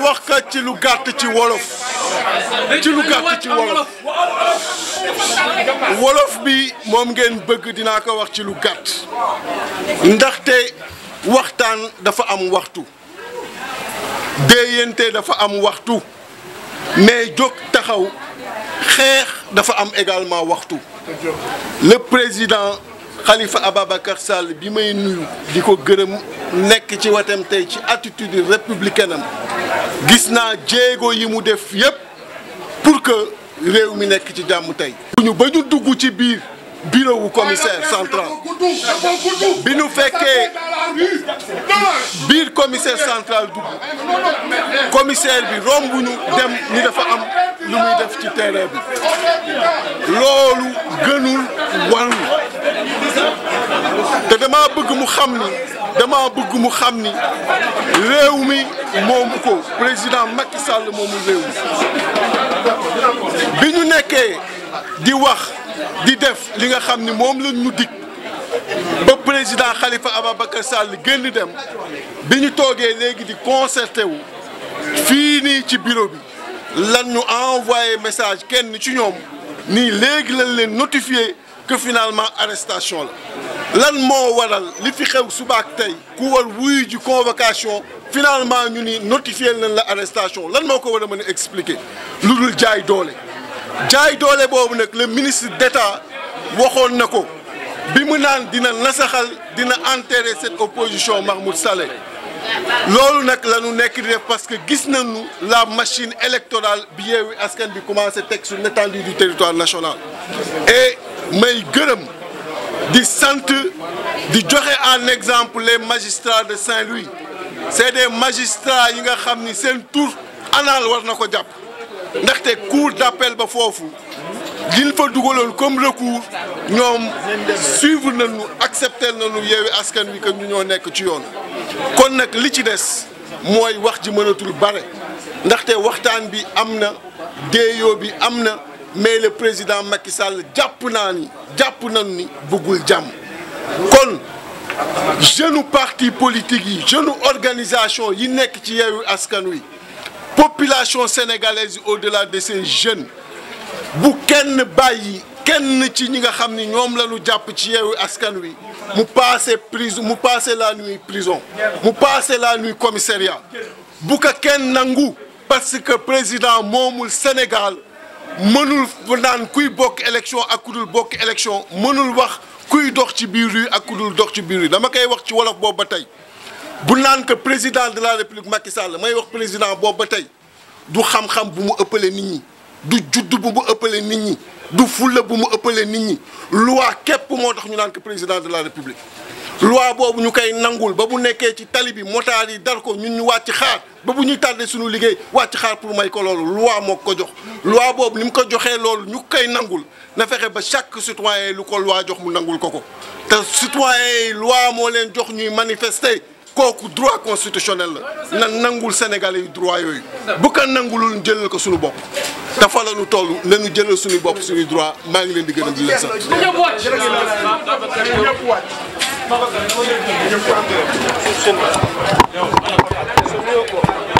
wax ka ci lu gàtt ci wolof bi moom ngeen bëgg dinaa ko wax ci lu gàtt ndaxte waxtaan dafa am waxtu déeyante dafa am waxtu mais jóg taxaw xeex dafa am également waxtu le président xalifa Ababacar Sall bi may nuyu di ko gërëm nekk ci wetam tey ci attitude républicaine am gis naa jéego yi mu def yépp pour que réew mi nekk ci jàmm tey ñu ba ñu dugg ci biir bureau wu commissaire central bi ñu fekkee biir commissaire central dugg commissaire bi rombuñu dem ni dafa am lu muy def ci terrain bi loolu gënul wan te dama bëgg mu xam ni dama mu xam ni réew mi moomu ko président Macky Sall moomu réew mi bi ñu nekkee di wax di def li nga xam ni moom la mu dig président Khalifa Ababacar Sall génn dem bi ñu toogee léegi di concerté wu fii nii ci bureau bi lan ñu envoyé message kenn ci ñoom nii léegi lañ leen notifié que finalement arrestation la lan moo waral li fi xew subaak tey ku war wuyu ji convocation finalement ñu ni notifié nañ la arrestation lan moo ko war a mën expliquer lu dul jaay doole jaay doole boobu nag le ministre d'État waxoon na ko bi mu naan dina nasaxal dina enterrer cette opposition Mahmoud Saleh loolu nag la nekk di def parce que gis nañu la machine électorale bi Yewwi Askan bi commencé teg sur l'étendue du territoire national et may gërëm di sant di joxe en exemple les magistrats de Saint-Louis c'est des magistrats yi nga xam ni seen tour anal war na ko jàpp ndaxte cour d'appel ba foofu liñ fa dugaloon comme recours ñoom suivre nañu accepter nañu yeewi askan wi que ñu ñoo nekk ci yoon kon nag li ci des mooy wax ji mënatul bare ndaxte waxtaan bi am na déeyoo bi am na mais le président Macky Sall jàpp naa ni jàpp nañu ni bëggul jàmm kon jeune parti politique yi jeune organisation yi nekk ci yeewi askan wi population sénégalaise au-delà de ces jeunes bu kenn bàyyi kenn ci ñi nga xam ni ñoom la ñu jàpp ci yeewu askan wi mu passé prison mu passé la nuit prison mu passé la nuit commissariat bu ko kenn nangu parce que président moomul Sénégal mënul naan kuy bokk élection ak ku dul bokk élection mënul wax kuy dox ci biir yi ak ku dul dox ci biir yi dama koy wax ci wolof boobu ba tey bu naan que président de la république Macky Sall may wax président boobu ba tey du xam-xam bu mu ëppale nit ñi. du judd bu mu ëppale nit ñi du fulla bu mu ëppale nit ñi loi képp moo tax ñu naan président de la république loi boobu ñu koy nangul ba mu nekkee ci tali bi motaar yi dar ko ñun ñu wàcc xaar ba bu ñuy tardé suñu liggéey wàcc xaar pour may ko loolu loi moo ko jox loi boobu ni mu ko joxee loolu ñu koy nangul na fexe ba chaque citoyen lu ko jox mu nangul ko ko te citoyen yi loi moo leen jox ñuy manifester kooku droit constitutionnel la na nangul sénégalais yu droit yooyu bu ko nangulul jëlal ko suñu bopp te fa la ñu toll la ñu jëlal suñu bopp suñu droit maa ngi leen di gërëm du leen sant. ñëpp wàcc